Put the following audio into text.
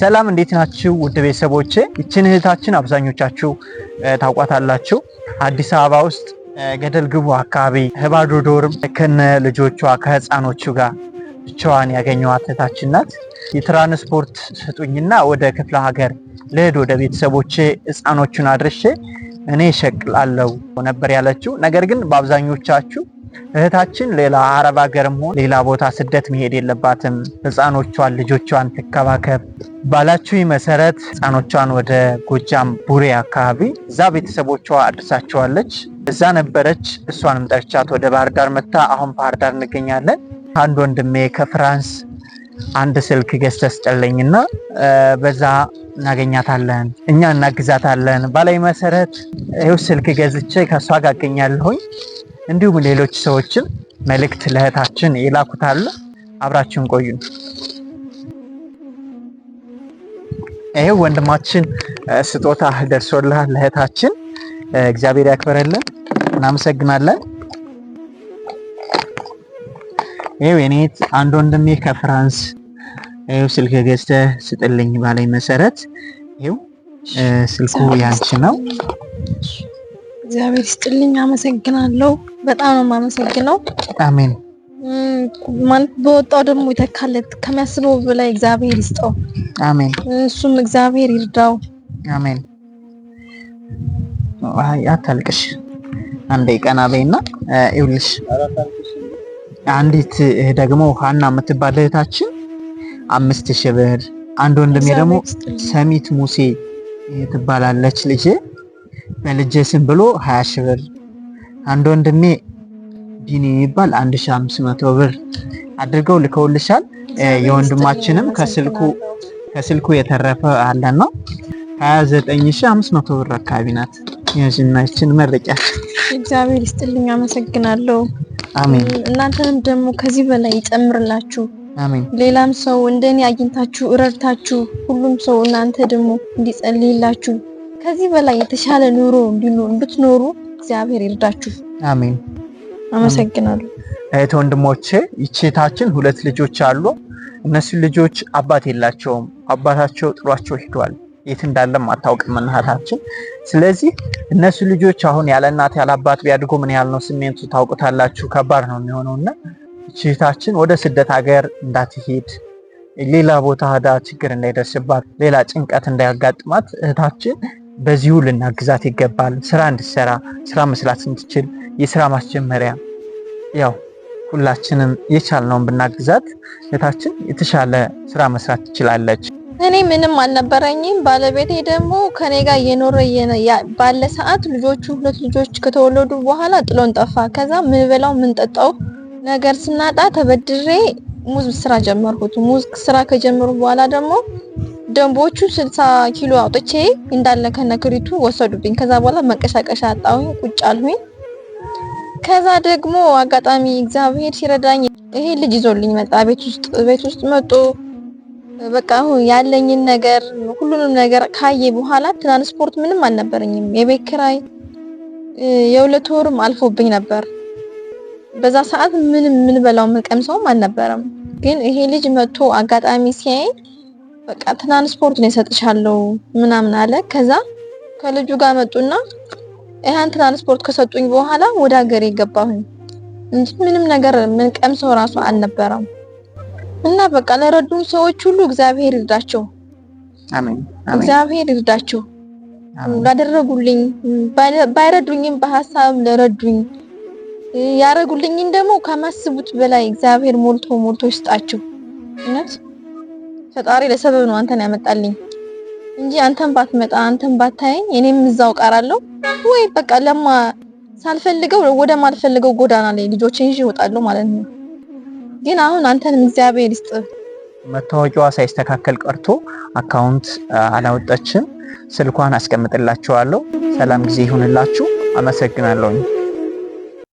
ሰላም እንዴት ናችሁ? ውድ ቤተሰቦቼ፣ ይችን እህታችን አብዛኞቻችሁ ታውቋታላችሁ። አዲስ አበባ ውስጥ ገደል ግቡ አካባቢ ህባዶ ዶርም ከነ ልጆቿ ከህፃኖቹ ጋር ብቻዋን ያገኘዋት እህታችን ናት። የትራንስፖርት ስጡኝና ወደ ክፍለ ሀገር ልሄድ ወደ ቤተሰቦቼ ህፃኖቹን አድርሼ እኔ እሸቅላለሁ ነበር ያለችው። ነገር ግን በአብዛኞቻችሁ እህታችን ሌላ አረብ ሀገርም ሆን ሌላ ቦታ ስደት መሄድ የለባትም። ህፃኖቿን ልጆቿን ትከባከብ ባላችሁ መሰረት ህፃኖቿን ወደ ጎጃም ቡሬ አካባቢ እዛ ቤተሰቦቿ አድርሳቸዋለች። እዛ ነበረች። እሷንም ጠርቻት ወደ ባህር ዳር መታ። አሁን ባህር ዳር እንገኛለን። አንድ ወንድሜ ከፍራንስ አንድ ስልክ ገዝተህ ስጠለኝና በዛ እናገኛታለን፣ እኛ እናግዛታለን ባላይ መሰረት ይኸው ስልክ ገዝቼ ከእሷ ጋር አገኛለሁኝ። እንዲሁም ሌሎች ሰዎችም መልእክት ለእህታችን ይላኩታል። አብራችሁን ቆዩ። ይሄው ወንድማችን ስጦታ ደርሶላ ለእህታችን። እግዚአብሔር ያክበረልን። እናመሰግናለን። ይሄው የኔ አንድ ወንድሜ ከፍራንስ ይሄው ስልክ ገዝተ ስጥልኝ ባለኝ መሰረት ይሄው ስልኩ ያንቺ ነው። እግዚአብሔር ስጥልኝ አመሰግናለሁ። በጣም ነው የማመሰግነው። አሜን ማለት በወጣው ደግሞ ይተካለት ከሚያስበው በላይ እግዚአብሔር ይስጠው። አሜን። እሱም እግዚአብሔር ይርዳው። አሜን። አይ አታልቅሽ፣ አንዴ ቀና በይና ይውልሽ። አንዲት ደግሞ ሀና የምትባል እህታችን አምስት ሺህ ብር፣ አንድ ወንድሜ ደግሞ ሰሚት ሙሴ ትባላለች ልጄ በልጄ ስም ብሎ ሀያ ሺህ ብር አንድ ወንድሜ ዲኒ የሚባል አንድ ሺህ ብር አድርገው ልከውልሻል። የወንድማችንም ከስልኩ ከስልኩ የተረፈ አለ ነው 29500 ብር አካባቢ ናት። ይህችን መረቂያት እግዚአብሔር ይስጥልኝ፣ አመሰግናለሁ። አሜን። እናንተንም ደግሞ ከዚህ በላይ ይጨምርላችሁ። አሜን። ሌላም ሰው እንደኔ አግኝታችሁ እረድታችሁ፣ ሁሉም ሰው እናንተ ደግሞ እንዲጸልይላችሁ ከዚህ በላይ የተሻለ ኑሮ እንዲኖር ብትኖሩ እግዚአብሔር ይርዳችሁ። አሜን። አመሰግናለሁ። እህት ወንድሞቼ፣ ይቼታችን ሁለት ልጆች አሉ። እነሱ ልጆች አባት የላቸውም። አባታቸው ጥሏቸው ሂዷል። የት እንዳለም አታውቅም እናታችን። ስለዚህ እነሱ ልጆች አሁን ያለ እናት ያለ አባት ቢያድጎ ምን ያህል ነው ስሜንቱ ታውቁታላችሁ። ከባድ ነው የሚሆነውና ችታችን ወደ ስደት ሀገር እንዳትሄድ ሌላ ቦታ ዳ ችግር እንዳይደርስባት ሌላ ጭንቀት እንዳያጋጥማት እህታችን በዚሁ ልናግዛት ይገባል። ስራ እንድትሰራ ስራ መስራት እንድትችል የስራ ማስጀመሪያ ያው ሁላችንም የቻልነውን ብናግዛት እህታችን የተሻለ ስራ መስራት ትችላለች። እኔ ምንም አልነበረኝም። ባለቤቴ ደግሞ ከኔ ጋር እየኖረ ባለ ሰዓት ልጆቹ ሁለት ልጆች ከተወለዱ በኋላ ጥሎን ጠፋ። ከዛ ምንበላው ምንጠጣው ነገር ስናጣ ተበድሬ ሙዝ ስራ ጀመርኩት። ሙዝ ስራ ከጀመሩ በኋላ ደግሞ ደንቦቹ ስልሳ ኪሎ አውጥቼ እንዳለ ከነክሪቱ ወሰዱብኝ። ከዛ በኋላ መንቀሳቀሻ አጣሁኝ፣ ቁጭ አልሁኝ። ከዛ ደግሞ አጋጣሚ እግዚአብሔር ሲረዳኝ ይሄ ልጅ ይዞልኝ መጣ። ቤት ውስጥ ቤት ውስጥ መጦ በቃ ያለኝን ነገር ሁሉንም ነገር ካየ በኋላ ትራንስፖርት ምንም አልነበረኝም። የቤት ኪራይ የሁለት ወርም አልፎብኝ ነበር። በዛ ሰዓት ምንም ምን በላው ምን ቀምሰውም አልነበረም። ግን ይሄ ልጅ መጥቶ አጋጣሚ ሲያይ በቃ ትራንስፖርት ነው የሰጥሻለው ምናምን አለ። ከዛ ከልጁ ጋር መጡና ይህን ትራንስፖርት ከሰጡኝ በኋላ ወደ ሀገር የገባሁኝ እንጂ ምንም ነገር ምን ቀምሰው ራሱ አልነበረም። እና በቃ ለረዱም ሰዎች ሁሉ እግዚአብሔር ይርዳቸው፣ እግዚአብሔር ይርዳቸው። ላደረጉልኝ ባይረዱኝም በሀሳብ ለረዱኝ ያረጉልኝን ደግሞ ከማስቡት በላይ እግዚአብሔር ሞልቶ ሞልቶ ይስጣቸው እውነት ፈጣሪ ለሰበብ ነው አንተን ያመጣልኝ እንጂ አንተን ባትመጣ አንተን ባታየኝ እኔም እዛው ቀራለሁ ወይ በቃ ለማ ሳልፈልገው ወደ ማልፈልገው ጎዳና ላይ ልጆች እንጂ እወጣለሁ ማለት ነው። ግን አሁን አንተንም እግዚአብሔር ይስጥ። መታወቂያዋ ሳይስተካከል ቀርቶ አካውንት አላወጣችም። ስልኳን አስቀምጥላችኋለሁ። ሰላም ጊዜ ይሁንላችሁ። አመሰግናለሁኝ።